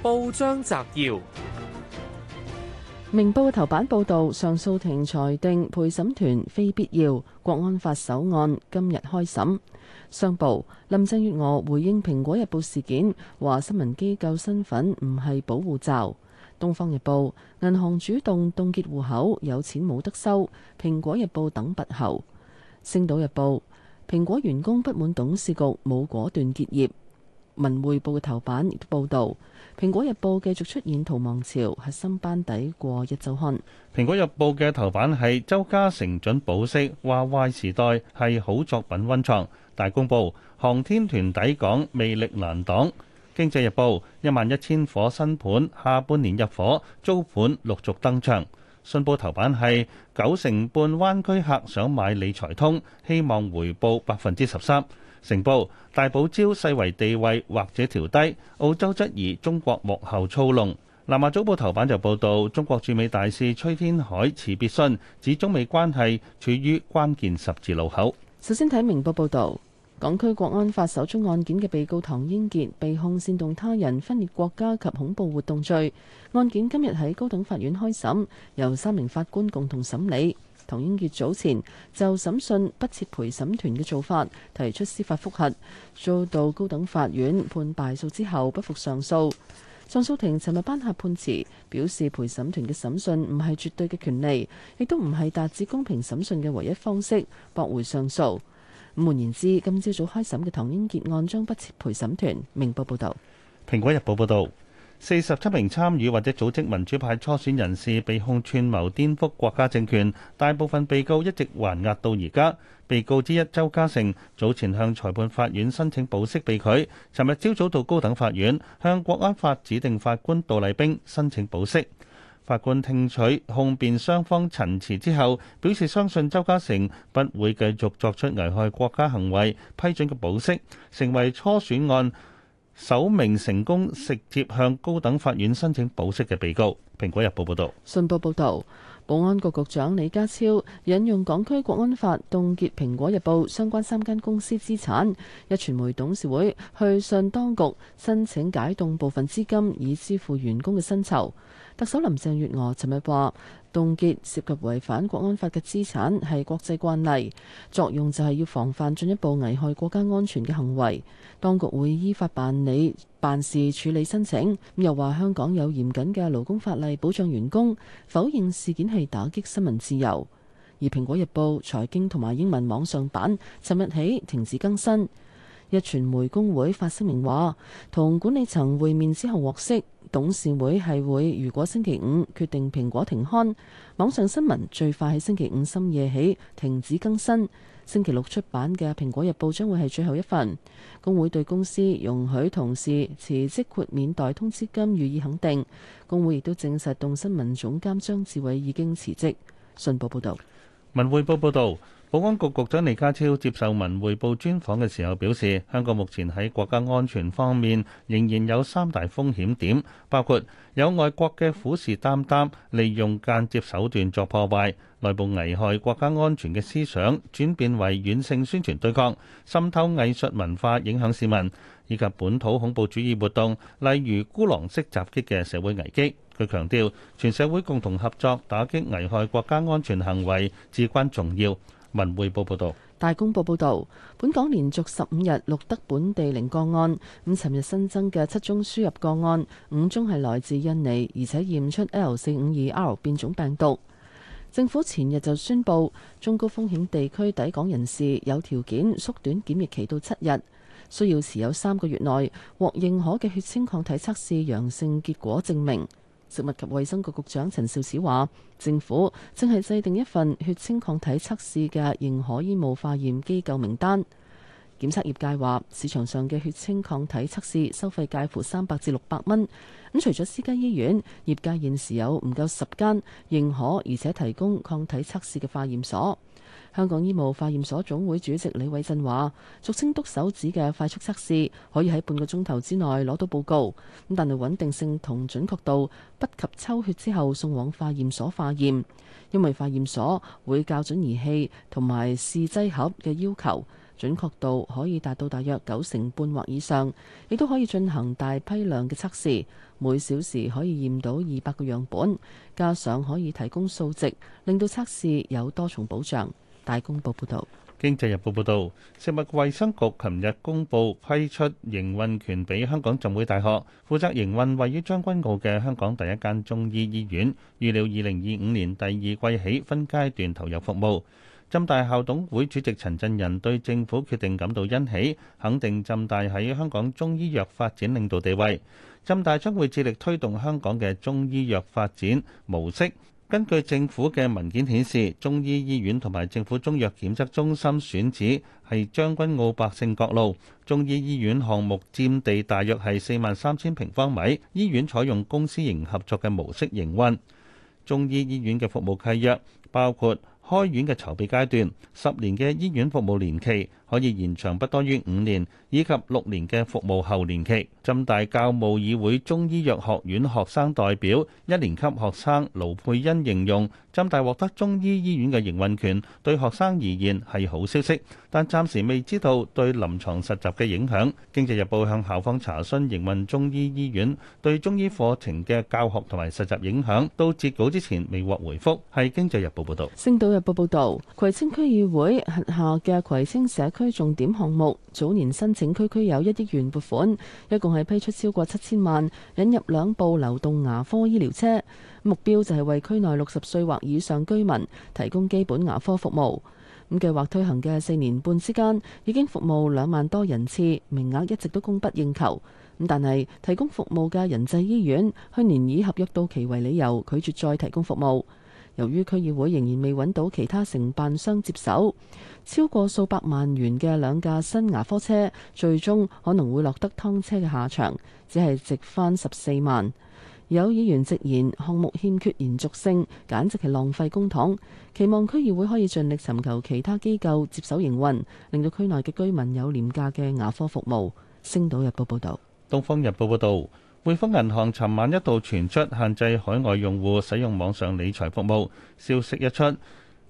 報章摘要：明報頭版報道，上訴庭裁定陪審團非必要，國安法首案今日開審。商報林鄭月娥回應蘋果日報事件，話新聞機構身份唔係保護罩。東方日報銀行主動凍結戶口，有錢冇得收。蘋果日報等拔喉。星島日報蘋果員工不滿董事局冇果斷結業。文匯報嘅頭版亦都報道，蘋果日報繼續出現逃亡潮，核心班底過一周刊。蘋果日報嘅頭版係周家成准保釋，話壞時代係好作品温床。大公報航天團抵港，魅力難擋。經濟日報一萬一千伙新盤，下半年入伙，租盤陸續登場。信報頭版係九成半灣區客想買理財通，希望回報百分之十三。成報大堡礁世遺地位或者調低，澳洲質疑中國幕後操弄。南亞早報頭版就報道，中國駐美大使崔天凱辭別信指中美關係處於關鍵十字路口。首先睇明報報道，港區國安法首宗案件嘅被告唐英傑被控煽動他人分裂國家及恐怖活動罪，案件今日喺高等法院開審，由三名法官共同審理。唐英傑早前就審訊不設陪審團嘅做法提出司法覆核，遭到高等法院判敗訴之後不服上訴。上訴庭尋日頒下判詞，表示陪審團嘅審訊唔係絕對嘅權利，亦都唔係達至公平審訊嘅唯一方式，駁回上訴。換言之，今朝早開審嘅唐英傑案將不設陪審團。明報報道。《蘋果日報》報道。四十七名參與或者組織民主派初選人士被控串謀顛覆國家政權，大部分被告一直還押到而家。被告之一周家成早前向裁判法院申請保釋被拒，尋日朝早到高等法院向國安法指定法官杜麗冰申請保釋。法官聽取控辯雙方陳詞之後，表示相信周家成不會繼續作出危害國家行為，批准嘅保釋成為初選案首名成功直接向高等法院申請保釋嘅被告。蘋果日報報道，信報報道保安局局長李家超引用港區國安法凍結蘋果日報相關三間公司資產，一傳媒董事會去信當局申請解凍部分資金，以支付員工嘅薪酬。特首林鄭月娥尋日話。凍結涉及違反國安法嘅資產係國際慣例，作用就係要防範進一步危害國家安全嘅行為。當局會依法辦理、辦事、處理申請。又話香港有嚴謹嘅勞工法例保障員工，否認事件係打擊新聞自由。而《蘋果日報》財經同埋英文網上版，尋日起停止更新。壹傳媒工會發聲明話，同管理層會面之後獲悉。董事會係會，如果星期五決定蘋果停刊，網上新聞最快喺星期五深夜起停止更新，星期六出版嘅《蘋果日報》將會係最後一份。工會對公司容許同事辭職豁免代通知金予以肯定，工會亦都證實動新聞總監張志偉已經辭職。信報報道。文匯報報導。保安局局長李家超接受文匯報專訪嘅時候表示，香港目前喺國家安全方面仍然有三大風險點，包括有外國嘅虎視眈眈，利用間接手段作破壞；內部危害國家安全嘅思想轉變為軟性宣傳對抗，滲透藝術文化影響市民，以及本土恐怖主義活動，例如孤狼式襲擊嘅社會危機。佢強調，全社會共同合作打擊危害國家安全行為至關重要。文匯報報道，大公報報道，本港連續十五日錄得本地零個案。咁，尋日新增嘅七宗輸入個案，五宗係來自印尼，而且驗出 L452R 變種病毒。政府前日就宣布，中高風險地區抵港人士有條件縮短檢疫期到七日，需要持有三個月內獲認可嘅血清抗體測試陽性結果證明。食物及衛生局局長陳肇始話：政府正係制定一份血清抗體測試嘅認可醫務化驗機構名單。檢測業界話，市場上嘅血清抗體測試收費介乎三百至六百蚊。咁除咗私家醫院，業界現時有唔夠十間認可而且提供抗體測試嘅化驗所。香港醫務化驗所總會主席李偉振話，俗稱篤手指嘅快速測試可以喺半個鐘頭之內攞到報告，咁但係穩定性同準確度不及抽血之後送往化驗所化驗，因為化驗所會校準儀器同埋試劑盒嘅要求，準確度可以達到大約九成半或以上，亦都可以進行大批量嘅測試，每小時可以驗到二百個樣本，加上可以提供數值，令到測試有多重保障。大公報報導，《經濟日報》報導，食物衞生局琴日公布批出營運權俾香港浸會大學，負責營運位於將軍澳嘅香港第一間中醫醫院，預料二零二五年第二季起分階段投入服務。浸大校董會主席陳振仁對政府決定感到欣喜，肯定浸大喺香港中醫藥發展領導地位。浸大將會致力推動香港嘅中醫藥發展模式。根據政府嘅文件顯示，中醫醫院同埋政府中藥檢測中心選址係將軍澳百勝角路。中醫醫院項目佔地大約係四萬三千平方米，醫院採用公私營合作嘅模式營運。中醫醫院嘅服務契約包括開院嘅籌備階段，十年嘅醫院服務年期。可以延長不多於五年以及六年嘅服務後年期。浸大教務議會中醫藥學院學生代表一年級學生盧佩欣形容，浸大獲得中醫醫院嘅營運權，對學生而言係好消息，但暫時未知道對臨牀實習嘅影響。經濟日報向校方查詢營運中醫醫院對中醫課程嘅教學同埋實習影響，到截稿之前未獲回覆，係經濟日報報道。星島日報報道，葵青區議會轄下嘅葵青社區區重點項目早年申請區區有一億元撥款，一共係批出超過七千萬，引入兩部流動牙科醫療車，目標就係為區內六十歲或以上居民提供基本牙科服務。咁計劃推行嘅四年半之間，已經服務兩萬多人次，名額一直都供不應求。咁但係提供服務嘅仁濟醫院，去年以合約到期為理由拒絕再提供服務。由於區議會仍然未揾到其他承辦商接手。超過數百萬元嘅兩架新牙科車，最終可能會落得劏車嘅下場，只係值返十四萬。有議員直言項目欠缺延續性，簡直係浪費公帑。期望區議會可以盡力尋求其他機構接手營運，令到區內嘅居民有廉價嘅牙科服務。星島日報報道。東方日報報道，匯豐銀行尋晚一度傳出限制海外用戶使用網上理財服務，消息一出。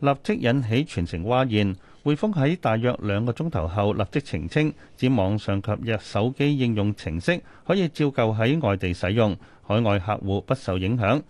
立即引起全城譁然，匯豐喺大約兩個鐘頭後立即澄清，指網上及日手機應用程式可以照舊喺外地使用，海外客戶不受影響。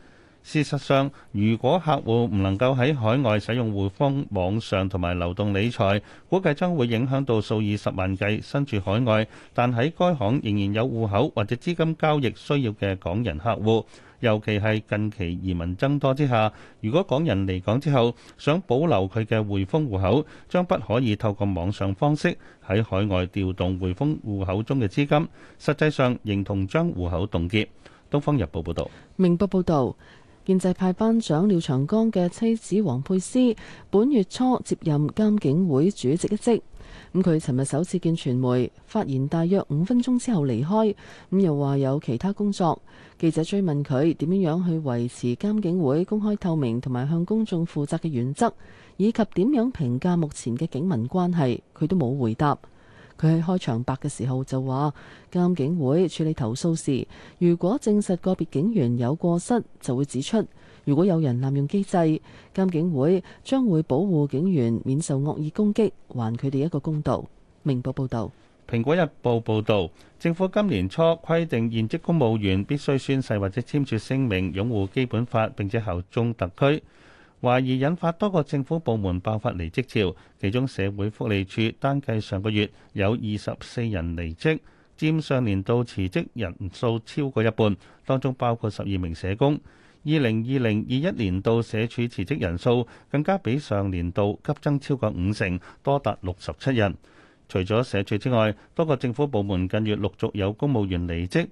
事實上，如果客戶唔能夠喺海外使用匯豐網上同埋流動理財，估計將會影響到數以十萬計身處海外，但喺該行仍然有戶口或者資金交易需要嘅港人客戶。尤其係近期移民增多之下，如果港人離港之後想保留佢嘅匯豐戶口，將不可以透過網上方式喺海外調動匯豐戶口中嘅資金，實際上認同將戶口凍結。《東方日報》報道。《明報》報道，建制派班長廖長江嘅妻子王沛詩本月初接任監警會主席一職。咁佢尋日首次見傳媒發言，大約五分鐘之後離開。咁又話有其他工作。記者追問佢點樣樣去維持監警會公開透明同埋向公眾負責嘅原則，以及點樣評價目前嘅警民關係，佢都冇回答。佢喺開場白嘅時候就話，監警會處理投訴時，如果證實個別警員有過失，就會指出。如果有人濫用機制，監警會將會保護警員免受惡意攻擊，還佢哋一個公道。明報報導，《蘋果日報》報導，政府今年初規定現職公務員必須宣誓或者簽署聲明擁護基本法並且效忠特區，懷疑引發多個政府部門爆發離職潮，其中社會福利署單計上個月有二十四人離職，佔上年度辭職人數超過一半，當中包括十二名社工。二零二零二一年度社署辭職人數更加比上年度急增超過五成，多達六十七人。除咗社署之外，多個政府部門近月陸續有公務員離職，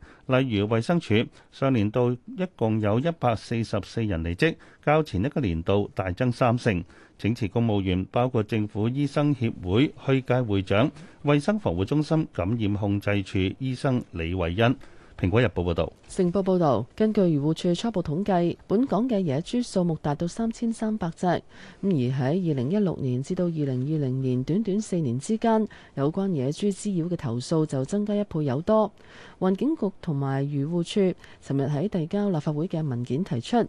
例如衛生署，上年度一共有一百四十四人離職，較前一個年度大增三成。請辭公務員包括政府醫生協會去屆會長、衛生防護中心感染控制處醫生李惠恩。蘋果日報報道，成報報道，根據漁護署初步統計，本港嘅野豬數目達到三千三百隻，咁而喺二零一六年至到二零二零年短短四年之間，有關野豬滋擾嘅投訴就增加一倍有多。環境局同埋漁護署尋日喺遞交立法會嘅文件提出。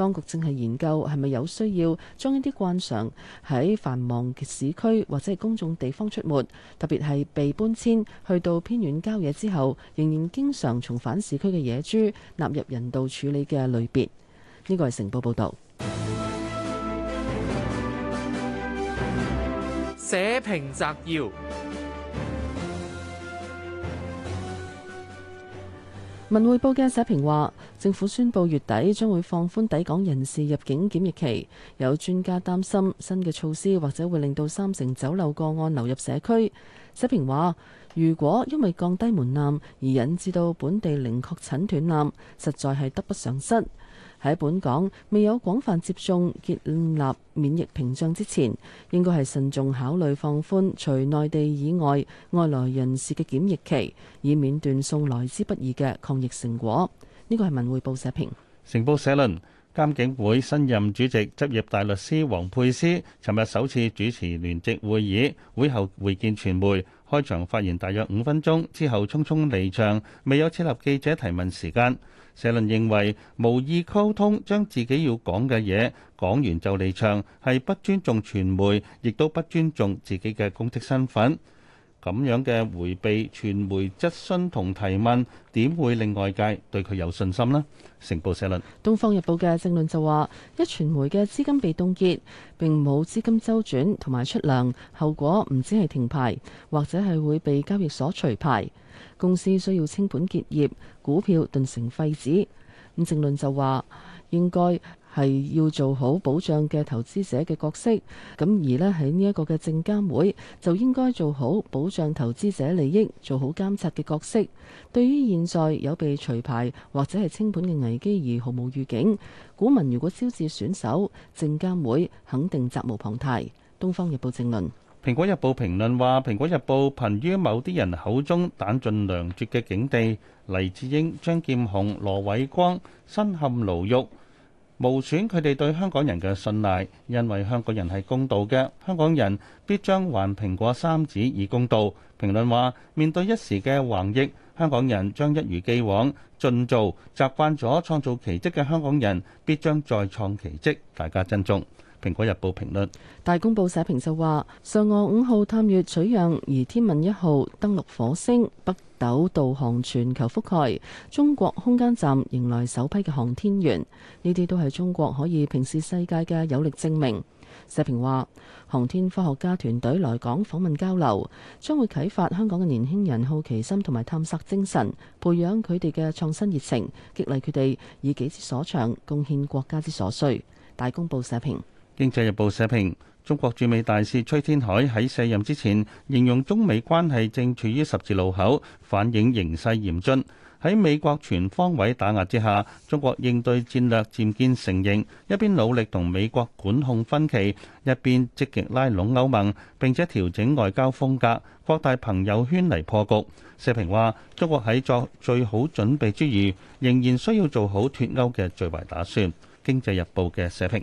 當局正係研究係咪有需要將一啲慣常喺繁忙嘅市區或者係公眾地方出沒，特別係被搬遷去到偏遠郊野之後，仍然經常重返市區嘅野豬納入人道處理嘅類別。呢個係成報報導。社評摘要。文匯報嘅社評話，政府宣布月底將會放寬抵港人士入境檢疫期，有專家擔心新嘅措施或者會令到三成走漏個案流入社區。社評話，如果因為降低門檻而引致到本地零確診斷纜，實在係得不償失。喺本港未有廣泛接種建立免疫屏障之前，應該係慎重考慮放寬除內地以外外來人士嘅檢疫期，以免斷送來之不易嘅抗疫成果。呢個係文匯報社評。成報社論：監警會新任主席、執業大律師王沛欣，尋日首次主持聯席會議，會後會見傳媒，開場發言大約五分鐘之後匆匆離場，未有設立記者提問時間。社論認為，無意溝通，將自己要講嘅嘢講完就離場，係不尊重傳媒，亦都不尊重自己嘅公職身份。咁樣嘅迴避傳媒質詢同提問，點會令外界對佢有信心呢？成報社論，《東方日報》嘅政論就話：一傳媒嘅資金被凍結，並冇資金週轉同埋出糧，後果唔止係停牌，或者係會被交易所除牌。公司需要清盤結業，股票頓成廢紙。咁政論就話應該。係要做好保障嘅投資者嘅角色，咁而呢，喺呢一個嘅證監會就應該做好保障投資者利益、做好監察嘅角色。對於現在有被除牌或者係清盤嘅危機而毫無預警，股民如果招致損手，證監會肯定責無旁貸。《東方日報》正論。日報評論，《蘋果日報》評論話，《蘋果日報》瀕於某啲人口中彈盡糧絕嘅境地，黎智英、張劍虹、羅偉光身陷牢獄。無損佢哋對香港人嘅信賴，因為香港人係公道嘅，香港人必將還蘋果三子以公道。評論話，面對一時嘅橫逆，香港人將一如既往盡造習慣咗創造奇蹟嘅香港人，必將再創奇蹟。大家珍重。《蘋果日報》評論，《大公報》社評就話，嫦娥五號探月取樣，而天問一號登陸火星，北斗導航全球覆蓋，中國空間站迎來首批嘅航天員，呢啲都係中國可以平視世界嘅有力證明。社評話，航天科學家團隊來港訪問交流，將會啟發香港嘅年輕人好奇心同埋探索精神，培養佢哋嘅創新熱情，激勵佢哋以己之所長，貢獻國家之所需。大公報社評。《經濟日報》社評：中國駐美大使崔天凱喺卸任之前，形容中美關係正處於十字路口，反映形勢嚴峻。喺美國全方位打壓之下，中國應對戰略漸見成型，一邊努力同美國管控分歧，一邊積極拉攏歐盟，並且調整外交風格，擴大朋友圈嚟破局。社評話：中國喺作最好準備之餘，仍然需要做好脱歐嘅最壞打算。《經濟日報》嘅社評。